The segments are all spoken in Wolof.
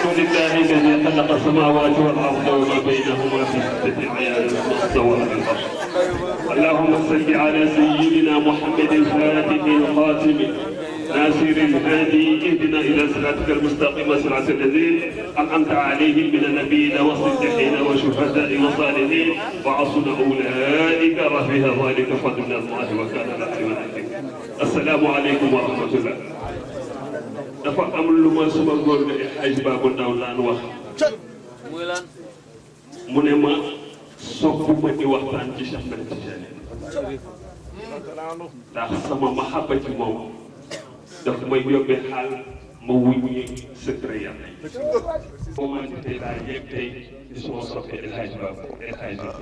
الحمد لله الذي خلق السماوات والارض وما بينهما في سته ايام واستوى على العرش اللهم صل على سيدنا محمد الفاتح الخاتم ناصر الهادي اهدنا الى صراطك المستقيم صراط الذين انعمت عليهم من النبيين والصديقين والشهداء والصالحين وعصنا اولئك رفيها ذلك فضل الله وكان العليم السلام عليكم ورحمه الله dafa amul lu ma suma góor ga xaaj baabu ndaw daan wax mu ne ma soppuma di waxtaan soo Cheikh Ahmed Tidiane ndax sama maxaba ci moom daf may yóbbe ma wuññi secret yàlla ma gisee daa yegg tey di suma soppe El Hadj Baba El Hadj Baba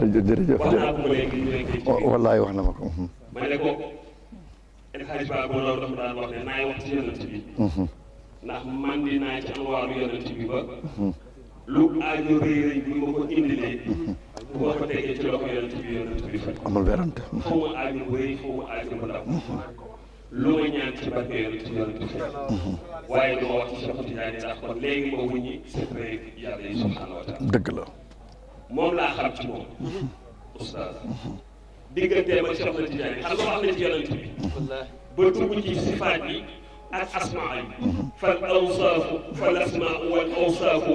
ah, jërëjëf wax naa ko léegi wallaay wax na ma ko ma ne Hadj Ba Gora dafa daan wax ne naay wax ci yonent bi. Mhm. ndax man di naa ci anwaaru yonent bi ba. Mhm. lu aajo rëy rëy bi ma ko indilee. Mhm. bu ma bi ma bu rëy xaw ma ci barke yonent bi yonent bi waaye du ma wax ci Cheikh Tidiane ndax la. moom laa xam ci moom. oustaz. digganteem ak ci yonent bi. ba dugg ci sifaat yi ak asmaa yi fal awsaafu fal asmaa wal awsaafu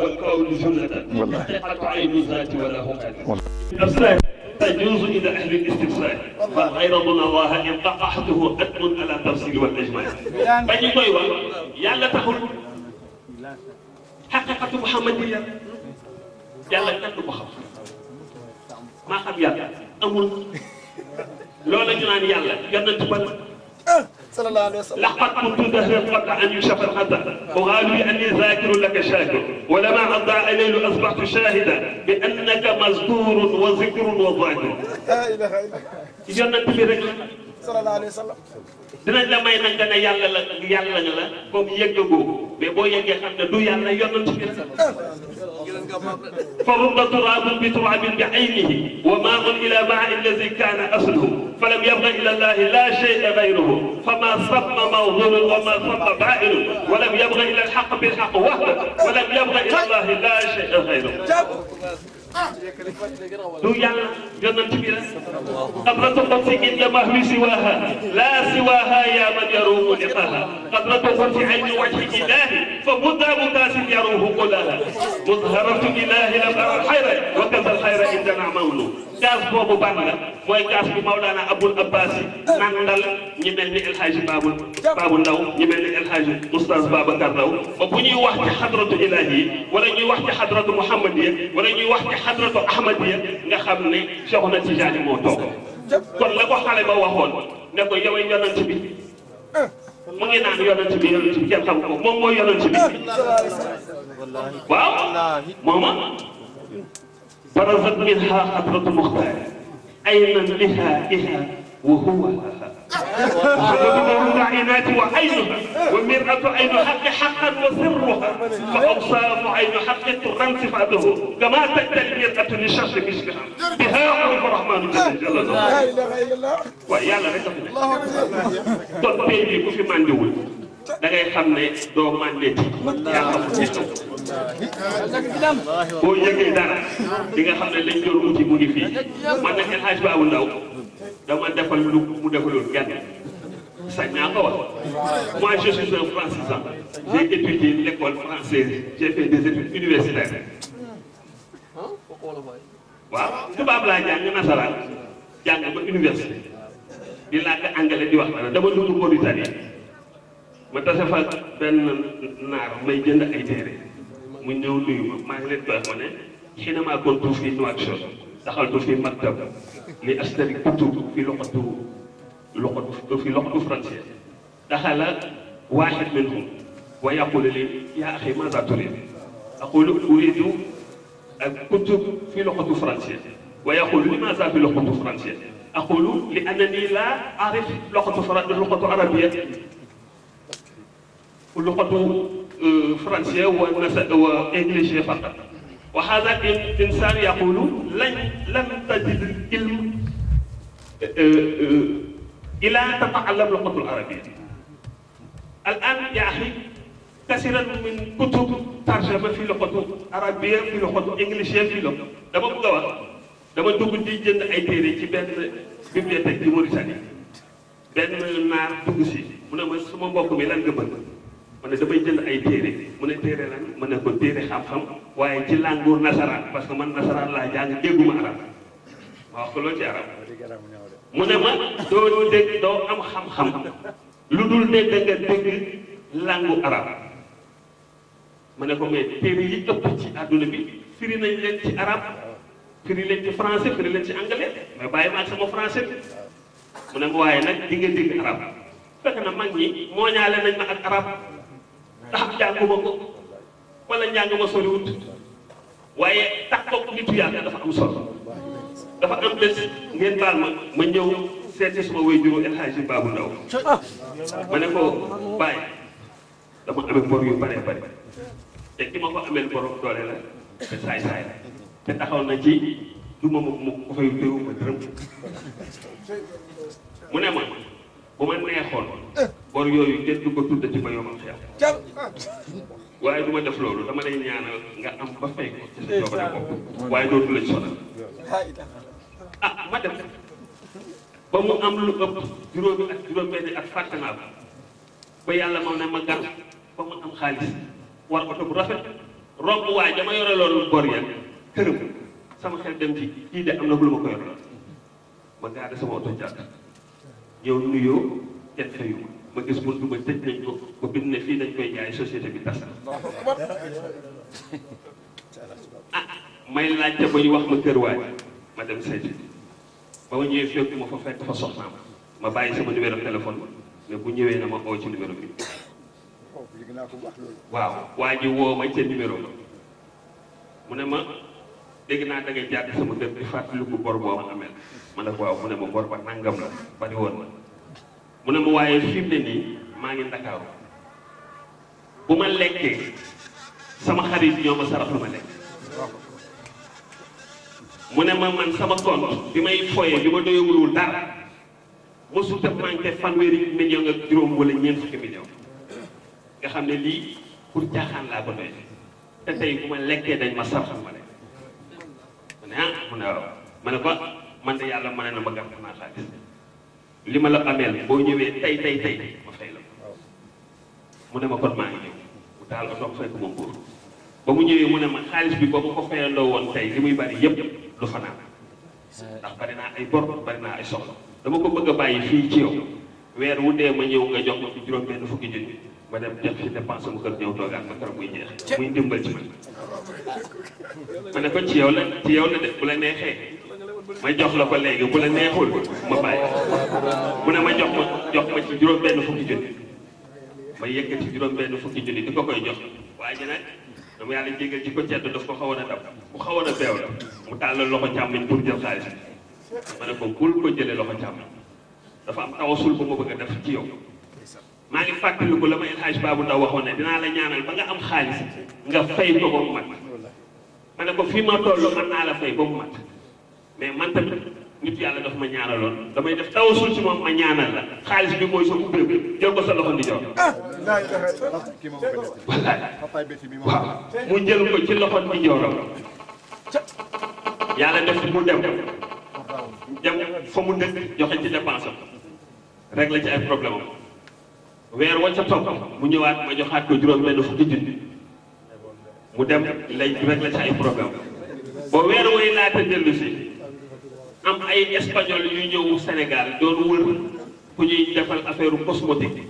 wal تجوز إلى أهل الاستفسار فغير الله إن قطعته قدم على التفصيل والإجمال بني يعني. طيوة طيب. يلا تقول حقيقة محمدية يا لا كنت بخاف ما خب يلا أول لولا جنان يلا يلا تبل صلى الله عليه وسلم لقد كنت ذهبت قبل ان يشف الخطا وقالوا اني ذاكر لك شاكر ولما اضاء الليل اصبحت شاهدا بانك مزدور وذكر وظاهر لا اله الا الله sallallahu تراب بتراب بعينه وماء الى ماء الذي كان اصله فلم يبق الى الله لا شيء غيره فما صم موضوع وما صم بائر ولم يبغى الى الحق بالحق وهو ولم يبغى الى الله لا شيء غيره du yàlla yonent bi rek xadratu xursi inda mahwi siwaha laa siwaha yaa man yaruhu liqaha xadratu xursi ayni wajhi ilahi fa budda mutasin yaruhu qulaha muzharatu ilahi lam ara alxayra wa kafa alxayra inda namaulu kaas boobu ban la mooy kaas bu Maulana Abul Abbas nandal ñi mel ni El Hadj Babu Babu Ndaw ñi mel ni El Hadj Oustaz Babacar Ndaw ba bu ñuy wax ci xadratu ilahi yi wala ñuy wax ci xadratu Muhammadiya wala ñuy wax ci xadratu Ahmadiya nga xam ne Cheikhuna Tijaani moo toog kon la ko xale ba waxoon ne ko yow yonent bi mu ngi naan yonent bi yonent bi kenn xam ko moom mooy yonent bi waaw mooma برزت منها حضرة مختار أيمن بها إها وهو فضلهم العينات وعينها والمرأة عين حق حقا وسرها فأبصار عين حق ترن صفاته كما تأتي المرأة لشرط مثلها بها عرف الرحمن جل جلاله لا إله إلا الله ويا الله الله أكبر طب بيبي da ngay xam ne doo màndeeti yaa xamul ne xew boo yëgee dara di nga xam ne lañ doon uti mu ngi fii man nag El Hadj Babou Ndao dama defal lu mu defalul kenn sañ naa ko wax moi je suis un francisant j'ai étudié l'école française j'ai fait des études universitaires waaw tubaab laa jàng nasaraan jàng ba université di làkk anglais di wax dara dama dugg Mauritanie ma tase fa benn naar may jënd ay téere mu ñëw nuyu ma maa ngi leen baax ma ne xinama kuntu fi Nouakchott daxaltu fi maktab li astari kutub fi loxatu loxatu fi loxatu français daxala waaxid minhum wa yaqulu li yaa axi maza turid aqulu uridu الكتب في لغة فرنسية ويقول لماذا في لغة فرنسية؟ أقول لأنني لا أعرف لغة لغة عربية لغة آه، فرنسية وإنجليزية فقط وهذا إنسان يقول لن لم تجد العلم آه، آه، إلى أن تتعلم اللغة العربية الآن يا أخي كثيرا من كتب ترجمة في لغة العربية في لغة إنجليزية في لغة دابا بغا دابا دوغ دي جند أي تيري في بن بيبليوتيك دي Mauritanie بن نار dugg si mu ne ma sama mbokk mi lan nga mu ne damay jënd ay téere mu ne téere lan mu ne ko téere xam-xam waaye ci langu nasaraan parce que man nasaraan laa jàng dégguma arab ma wax ko loolu ci arab mu ne ma doo dégg doo am xam-xam lu dul ne da nga dégg langu arab ma ne ko mais téere yi ëpp ci àdduna bi firi nañ leen ci arab firi leen ci français firi leen ci anglais mais bàyyi ma sama français mu ne ma waaye nag di nga dégg arab fekk na mag ñi mooñaale nañ ma ak arab ndax jànguma ko wala njàng ma soriwut waaye takkoog nitu yàlla dafa am solo dafa am bés ngeen baal ma ma ñëw seeti suma way juru El Hadji Babou Ndaw ko bàyyi yu bare bare te ki na ci du mu ne ma bu neexoon bor yooyu kenn du ko tuddati ba yomal waaye du ma def loolu dama lay ñaanal nga am ba fay ko ci sa coobare bopp waaye dootu la ci sonal ah ma dem ba mu am lu ëpp ma gan ba mu am xaalis war oto bu rafet romb waaye dama yore loolu bor ya këram sama xel dem ci kii de am na lu ma ko yor ma gaare sama oto jàkk ñëw nuyoo kenn fayu ma gis buntu ba tëj nañ ko ba bind ne fii lañ koy jaay société bi tas na ah may laajte ba ñu wax ma kër waay ma dem seeti ba ma ñëwee fekk ma fa fekk fa soxnaam ma bàyyi sama numéro téléphone mais bu ñëwee na ma oo ci numéro bi waaw waa ji woo ma ca numéro mu ne ma dégg naa da jàdd sama kër di fàttaliku bor boo ma amee ma ne ko waaw mu ne ma bor ba nangam la bari woon mu ne ma waaye fi mu ne nii maa ngi ndakaaru bu ma lekkee sama xarit ñoo ma sarax lu ma lekk mu ne ma man sama compte bi may foyee bi ma doyewulul dara mosu def manqué fanweeri million ak juróom wala ñeent fukki million nga xam ne lii pour caaxaan laa ko doy te tey bu ma lekkee dañ ma sarax ma lekk ah, mu ne waaw ma ne ko ah, man de yàlla ma ne na ma gàtt naa xaalis li ma la ameel boo ñëwee tey tey tey ma fay la mu ne ma kon maa ngi ñëw mu taal oto fay ko ma mbuur mu ne ma xaalis bi boobu ko fayandoo woon tey li bari yëpp lu fanaan ndax bari naa ay bor bari naa ay soxla dama ko bëgg bàyyi fii ci yow weer wu ma ñëw nga jox ma juróom benn fukki junni ma dem def ci dépense mu kër ñëw toogaan ma kër muy jeex muy dimbal ci man ma ne ko ci yow la ci yow la def bu la neexee ma jox la ko léegi bu la neexul ma bàyyi mu ne ma jox ma jox ma ci juróom benn fukki junni ma yëkkati juróom benn fukki junni ko koy jox waaye ji nag dama yàlla jégal ci ko cedd daf ko xawoon a dab ku xawoon a beew mu tàllal loxo càmmiñ pour jël xaalis ma ko bul ko jëlee loxo càmmiñ dafa am tawasul bu ma bëgg a ci yow maa ngi fàttaliku la ma El Hadj Babou Ndaw waxoon ne dinaa la ñaanal ba nga am xaalis nga fay ko ba mu mat ma ne ko fii ma toll mën naa la fay ba mu mat mais man tamit nit yàlla daf ma ñaanaloon damay def tawassul ci moom ma ñaanal la xaalis bi mooy sa ubbeeku jël ko sa loxo di jox. Ah, waaw mu jël ko ci loxo di joxam yàlla def mu dem dem fa mu dëkk joxe ci dépense am rek la ci ay problème am weer wa ca topp mu ñëwaat ma joxaat ko juróom benn fukki junni mu dem lay rek la ci ay problème ba weer way laata dellu si. am ay espagnol yu ñëw Sénégal doon wër ku ñuy defal affaire cosmétique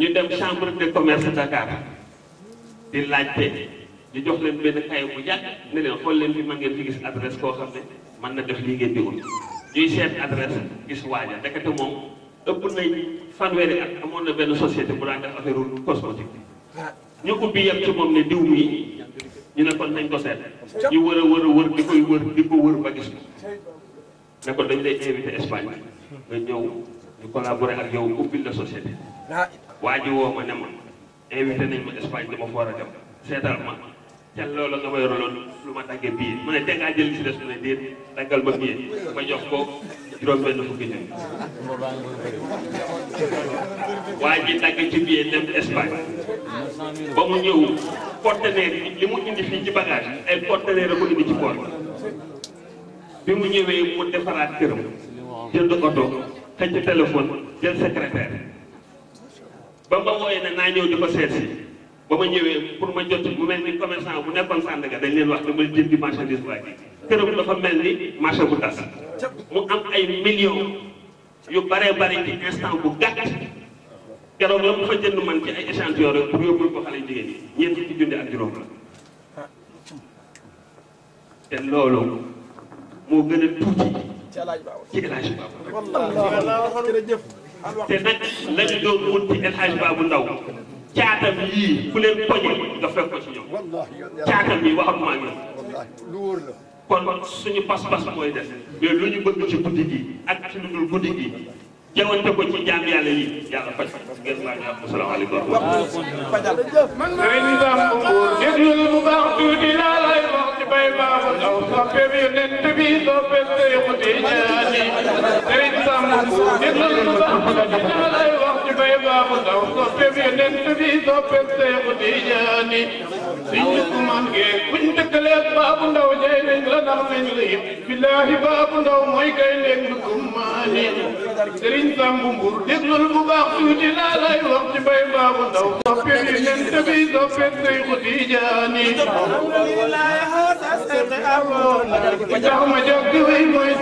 ñu dem chambre de commerce Dakar di laajte ñu jox leen benn kayit bu yàgg ne leen xool leen fi ma ngeen fi gis adresse koo xam ne mën na def lii ngeen di ñuy seet adresse gis waaja ndekete moom ëpp nañ fanweeri ak amoon na benn société bu daan def affaire cosmétique ñu ubbi yëpp ci moom ne diw mii ñu ne nañ ko seet ñu wër a wër a wër di koy wër di ko wër ba gis ko ne ko dañ lay invité Espagne nga ñëw ñu collaborer ak yow ubbil la société waa ji woo ma ne ma invité nañ ma Espagne dama foor a dem seetal ma te loolu nga ma yoraloon lu ma daggee bii mu ne te ngaa jël li des mu ne déet daggal ma bii ma jox ko juróom benn fukki ñoom O ji dagg ci biir dem Espagne ba mu ñëw conteneur yi li mu indi fii ci bagage ay conteneur a ko indi ci port bi mu ñëwee mu defaraat këram jënd oto xëcc téléphone jël secrétaire ba ma wooyee ne naa ñëw di ko seet si ba ma ñëwee pour ma jot mu mel ni commerçant bu nekkoon Sandaga dañ leen wax dama jëndi marchandise waa ji këram dafa mel ni marché bu tas mu am ay millions yu bare bare ci instant bu gàtt keroog la mu fa jënd man ci ay échantillon rek yóbbul ko xale jigéen ñi ñeent ci junni ak juróom te gën a tuuti nag lañu doon ci El Hadj Ndaw caatam yii ku leen poñe nga fekk ko ci ñoom caatam yi waxam maa ngi kon suñu pas-pas mooy def mais lu ñu bëgg ci guddi gi ak ci lu guddi gi jawante ko ci jaam yàlla yi yàlla faj gën baax tuuti laa lay wax ci bay baabu aw soppe bi yonent bi soppe Seexu Tijaan sëriñ Sam Mbuur déglul bu baax tëkkaleeg baabu ndaw jay nañ la ndax nañ la yëpp billaahi baabu ndaw mooy kay léeg lu kummaane sëriñ Samb Mbour déglul bu baax tuuti laa lay wax ci bay baabu ndaw soppe bi nen tabi soppe say xuti jaani li tax ma jóg di wéy mooy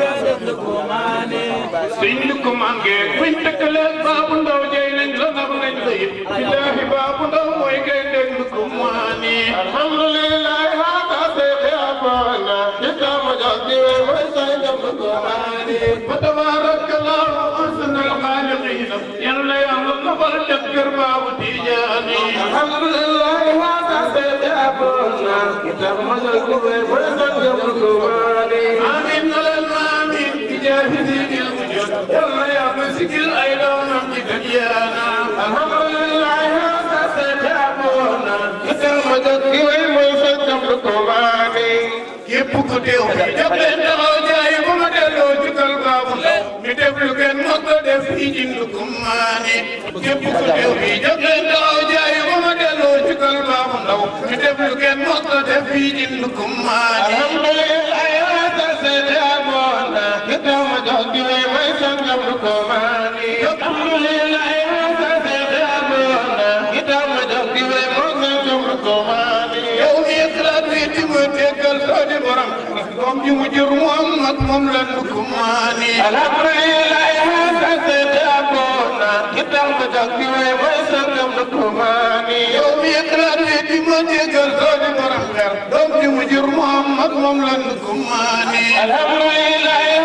sëriñ lu kummaan gee buñ tëkkaleeg baabu ndaw jay nañ la ndax nañ la yëpp فتبارك الله أحسن الخالقين يلا يا الله فلتذكر باب تيجاني الحمد لله هذا سيد أبونا كتاب مزلكم فلتذكر كواني آمين للآمين بجاه دين الوجود يلا يا مسك الأيلون في دنيانا الحمد لله هذا سيد أبونا كتاب مزلكم فلتذكر كواني يبقى تيوم يبقى te def lu kenn mën ko def fii ci Ndoukoumane képp ku teew bi jóg leen taxaw jaay ba ma delloo jukkal baaxu ndaw te def lu kenn mën ko def fii ci Ndoukoumane alhamdulillah ayata seydi abona ke taw ma jox gi may may sangam Ndoukoumane alhamdulillah ayata seydi abona ke taw ma jox gi may may sangam Ndoukoumane yow mi xalaat wi di ma tekkal soo di borom doom ji mu jur moom nag moom la Ndoukoumane. alhamdulilah yaa sant daaboo naan ki tax ba tax bi waaye mooy sant Ndoukoumane. yow mi xalaat bi di ma jégal soo di borom xel. doom ji mu jur moom nag moom la Ndoukoumane. alhamdulilah yaa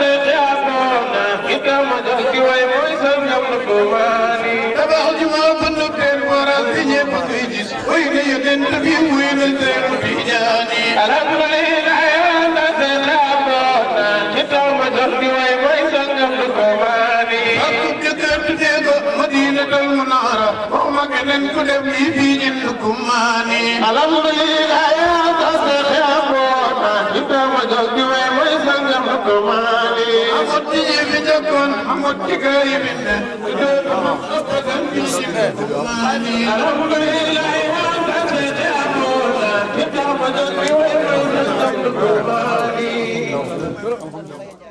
sant daaboo naan ki tax ba tax bi waaye mooy sant Ndoukoumane. tabax ji ma bëgg teel waral si ñëpp a koy gis. wuy na yëgën te bii wuy na teel mu di jaani. alhamdulilah. وجهبي ويبيسا يخلقواني حقك تبتيض مدينة المنارة ومكنا كلبي في جنكماني الحمد لله يا تصدق يا بوطا جبت وجهبي ويبيسا يخلقواني أمدي في جكن أمدي كريمنا جدوك في شفاكماني الحمد لله يا تصدق يا بوطا جبت وجهبي ويبيسا